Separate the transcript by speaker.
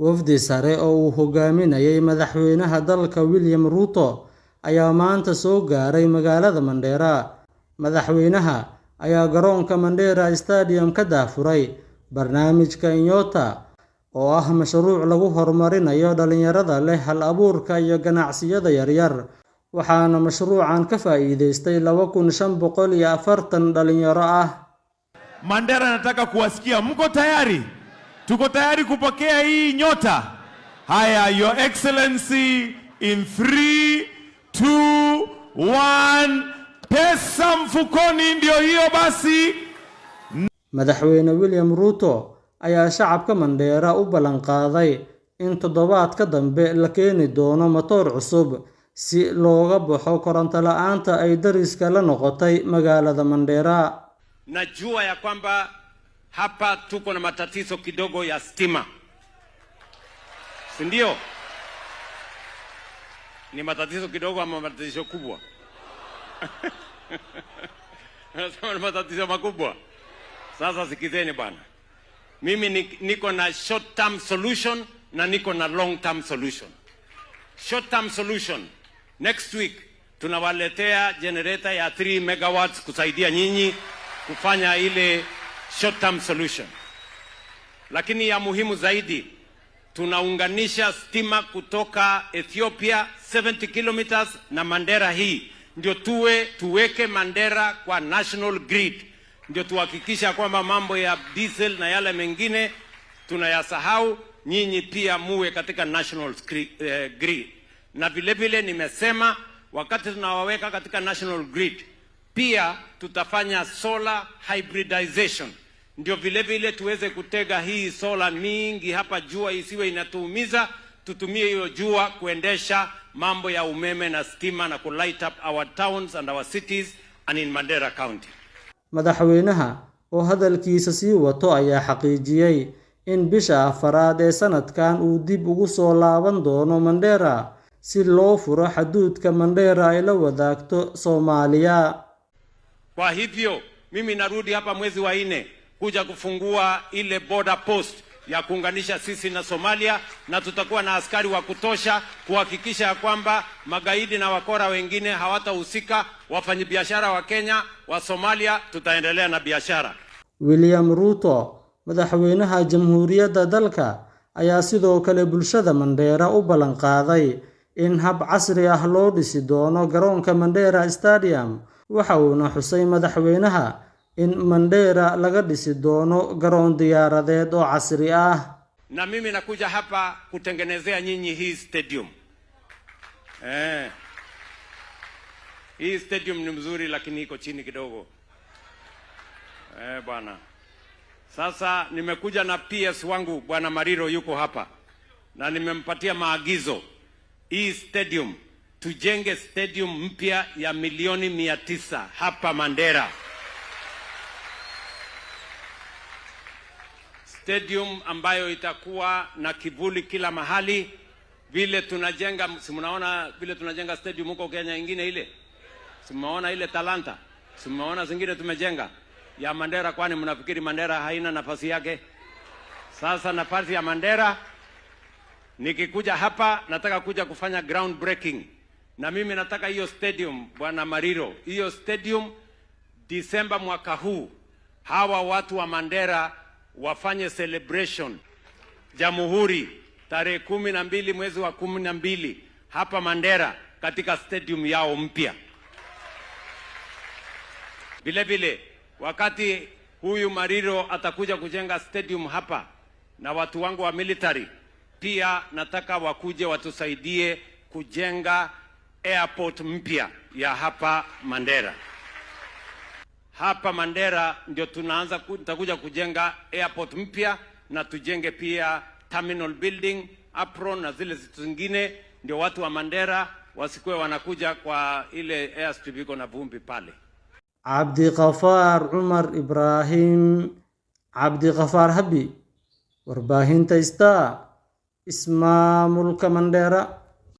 Speaker 1: wafdi sare oo uu hogaaminayay madaxweynaha dalka william ruuto ayaa maanta soo gaaray magaalada mandheera madaxweynaha ayaa garoonka mandheera stadium ka daafuray barnaamijka inyota oo ah mashruuc lagu horumarinayo dhallinyarada leh hal-abuurka iyo ganacsiyada yaryar waxaana mashruucan ka faa'iidaystay laba kun shan boqol iyo afartan dhalinyaro ah.
Speaker 2: Mandera anataka kuwasikia, mko tayari? Tuko tayari kupokea hii nyota. Haya, Your Excellency, in 3 2 1 pesa mfukoni, ndiyo hiyo basi.
Speaker 1: Madaxweyne William Ruto ayaa shacabka Mandheera u ballanqaaday in toddobaadka dambe la keeni doono matoor cusub si looga baxo koronto la'aanta ay dariska la noqotay magaalada Mandheera.
Speaker 3: Najua ya kwamba hapa tuko na matatizo kidogo ya stima, si ndio? Ni matatizo kidogo ama matatizo kubwa? Nasema ni matatizo makubwa. Sasa sikizeni bwana, mimi niko na short term solution na niko na long term solution. Short term solution, next week tunawaletea generator ya 3 megawatts kusaidia nyinyi kufanya ile short term solution, lakini ya muhimu zaidi tunaunganisha stima kutoka Ethiopia 70 kilometers na Mandera. Hii ndio tuwe tuweke Mandera kwa national grid, ndio tuhakikisha kwamba mambo ya diesel na yale mengine tunayasahau, nyinyi pia muwe katika national eh, grid. Na vile vile nimesema wakati tunawaweka katika national grid, pia tutafanya solar hybridization ndio vile vile tuweze kutega hii sola mingi hapa, jua isiwe inatuumiza. Tutumie hiyo jua kuendesha mambo ya umeme na stima na kulight up our towns and our cities and in Mandera County.
Speaker 1: Madaxweynaha oo hadalkiisa sii wato ayaa xaqiijiyay in bisha afaraad ee sanadkan uu dib ugu soo laaban doono Mandera si loo furo xaduudka Mandera ay la wadaagto Soomaaliya.
Speaker 3: Kwa hivyo mimi narudi hapa mwezi wa nne kuja kufungua ile border post ya kuunganisha sisi na Somalia, na tutakuwa na askari wa kutosha kuhakikisha ya kwamba magaidi na wakora wengine hawatahusika. Wafanyabiashara wa Kenya, wa Somalia, tutaendelea na biashara.
Speaker 1: William Ruto madaxweynaha jamhuuriyadda dalka ayaa sidoo kale bulshada mandera u ballan qaaday in hab casri ah loo dhisi doono garoonka Mandera Stadium waxa uuna xusay madaxweynaha in Mandera laga dhisi doono garoon diyaaradeed oo casri ah.
Speaker 3: Na mimi nakuja hapa kutengenezea nyinyi hii stadium eh. Hii stadium ni mzuri lakini iko chini kidogo eh, bwana. Sasa nimekuja na PS wangu bwana Mariro yuko hapa na nimempatia maagizo hii stadium tujenge stadium mpya ya milioni mia tisa hapa Mandera. stadium ambayo itakuwa na kivuli kila mahali, vile tunajenga. Si mnaona vile tunajenga stadium huko Kenya ingine ile? Si mmeona ile Talanta? Si mmeona zingine tumejenga ya Mandera? Kwani mnafikiri Mandera haina nafasi yake? Sasa nafasi ya Mandera, nikikuja hapa nataka kuja kufanya ground breaking, na mimi nataka hiyo stadium, bwana Mariro, hiyo stadium Disemba mwaka huu hawa watu wa Mandera wafanye celebration Jamhuri tarehe kumi na mbili mwezi wa kumi na mbili hapa Mandera katika stadium yao mpya. Vile vile wakati huyu Mariro atakuja kujenga stadium hapa na watu wangu wa military pia nataka wakuje watusaidie kujenga airport mpya ya hapa Mandera hapa Mandera ndio tunaanza tutakuja kujenga airport mpya na tujenge pia terminal building apron na zile zitu zingine, ndio watu wa Mandera wasikuwe wanakuja kwa ile airstrip iko na vumbi pale.
Speaker 1: Abdi Ghafar Umar Ibrahim, Abdi Ghafar Habi, warbaahinta Isma Mulka Mandera.